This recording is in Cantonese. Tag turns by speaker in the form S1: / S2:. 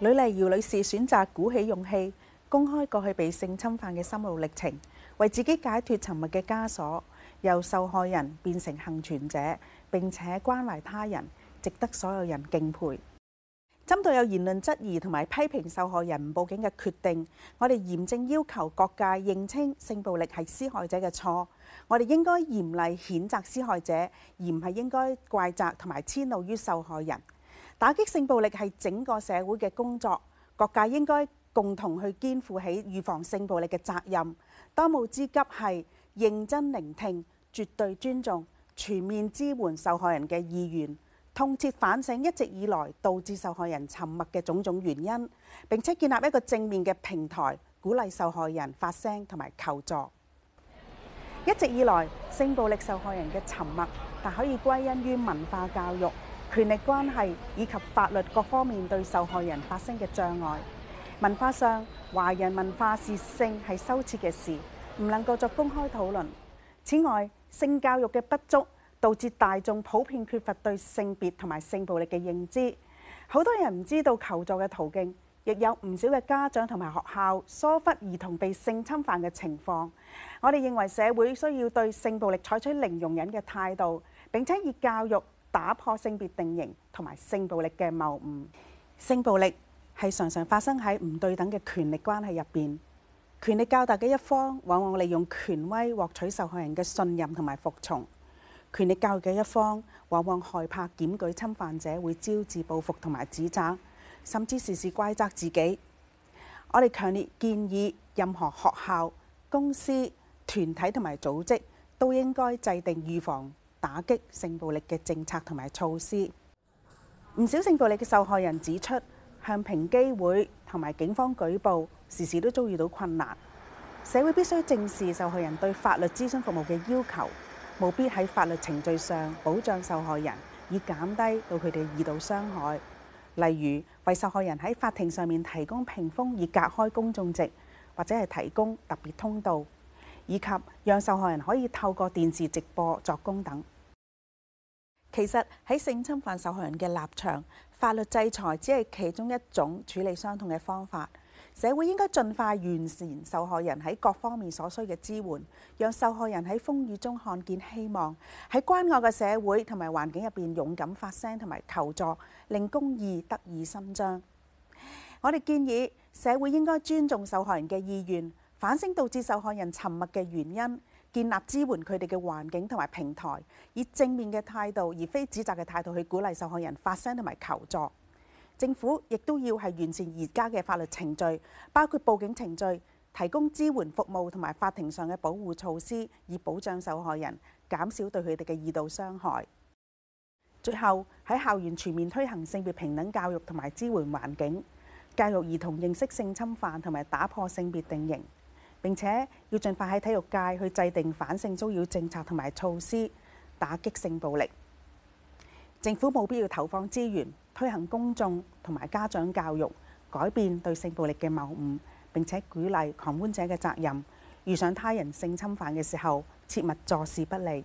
S1: 呂麗瑤女士選擇鼓起勇氣公開過去被性侵犯嘅心路歷程，為自己解脫沉默嘅枷鎖，由受害人變成幸存者，並且關懷他人，值得所有人敬佩。針對有言論質疑同埋批評受害人唔報警嘅決定，我哋嚴正要求各界認清性暴力係施害者嘅錯，我哋應該嚴厲譴責施害者，而唔係應該怪責同埋遷怒於受害人。打擊性暴力係整個社會嘅工作，各界應該共同去肩負起預防性暴力嘅責任。當務之急係認真聆聽、絕對尊重、全面支援受害人嘅意願，痛切反省一直以來導致受害人沉默嘅種種原因，並且建立一個正面嘅平台，鼓勵受害人發聲同埋求助。一直以來，性暴力受害人嘅沉默，但可以歸因於文化教育。權力關係以及法律各方面對受害人發生嘅障礙。文化上，華人文化視性係羞恥嘅事，唔能夠作公開討論。此外，性教育嘅不足，導致大眾普遍缺乏對性別同埋性暴力嘅認知。好多人唔知道求助嘅途徑，亦有唔少嘅家長同埋學校疏忽兒童被性侵犯嘅情況。我哋認為社會需要對性暴力採取零容忍嘅態度，並且以教育。打破性別定型同埋性暴力嘅謬誤。性暴力係常常發生喺唔對等嘅權力關係入邊。權力較大嘅一方往往利用權威獲取受害人嘅信任同埋服從。權力較弱嘅一方往往害怕檢舉侵犯者會招致報復同埋指責，甚至事事怪責自己。我哋強烈建議任何學校、公司、團體同埋組織都應該制定預防。打擊性暴力嘅政策同埋措施，唔少性暴力嘅受害人指出，向平機會同埋警方舉報時時都遭遇到困難。社會必須正視受害人對法律諮詢服務嘅要求，務必喺法律程序上保障受害人，以減低到佢哋二度傷害。例如為受害人喺法庭上面提供屏風以隔開公眾席，或者係提供特別通道，以及讓受害人可以透過電視直播作供等。其實喺性侵犯受害人嘅立場，法律制裁只係其中一種處理傷痛嘅方法。社會應該盡快完善受害人喺各方面所需嘅支援，讓受害人喺風雨中看見希望，喺關愛嘅社會同埋環境入面勇敢發聲同埋求助，令公義得以伸張。我哋建議社會應該尊重受害人嘅意願。反省導致受害人沉默嘅原因，建立支援佢哋嘅環境同埋平台，以正面嘅態度，而非指責嘅態度去鼓勵受害人發聲同埋求助。政府亦都要係完善而家嘅法律程序，包括報警程序、提供支援服務同埋法庭上嘅保護措施，以保障受害人，減少對佢哋嘅二度傷害。最後喺校園全面推行性別平等教育同埋支援環境，教育兒童認識性侵犯同埋打破性別定型。並且要盡快喺體育界去制定反性騷擾政策同埋措施，打擊性暴力。政府冇必要投放資源推行公眾同埋家長教育，改變對性暴力嘅謬誤，並且鼓勵狂歡者嘅責任。遇上他人性侵犯嘅時候，切勿坐視不理。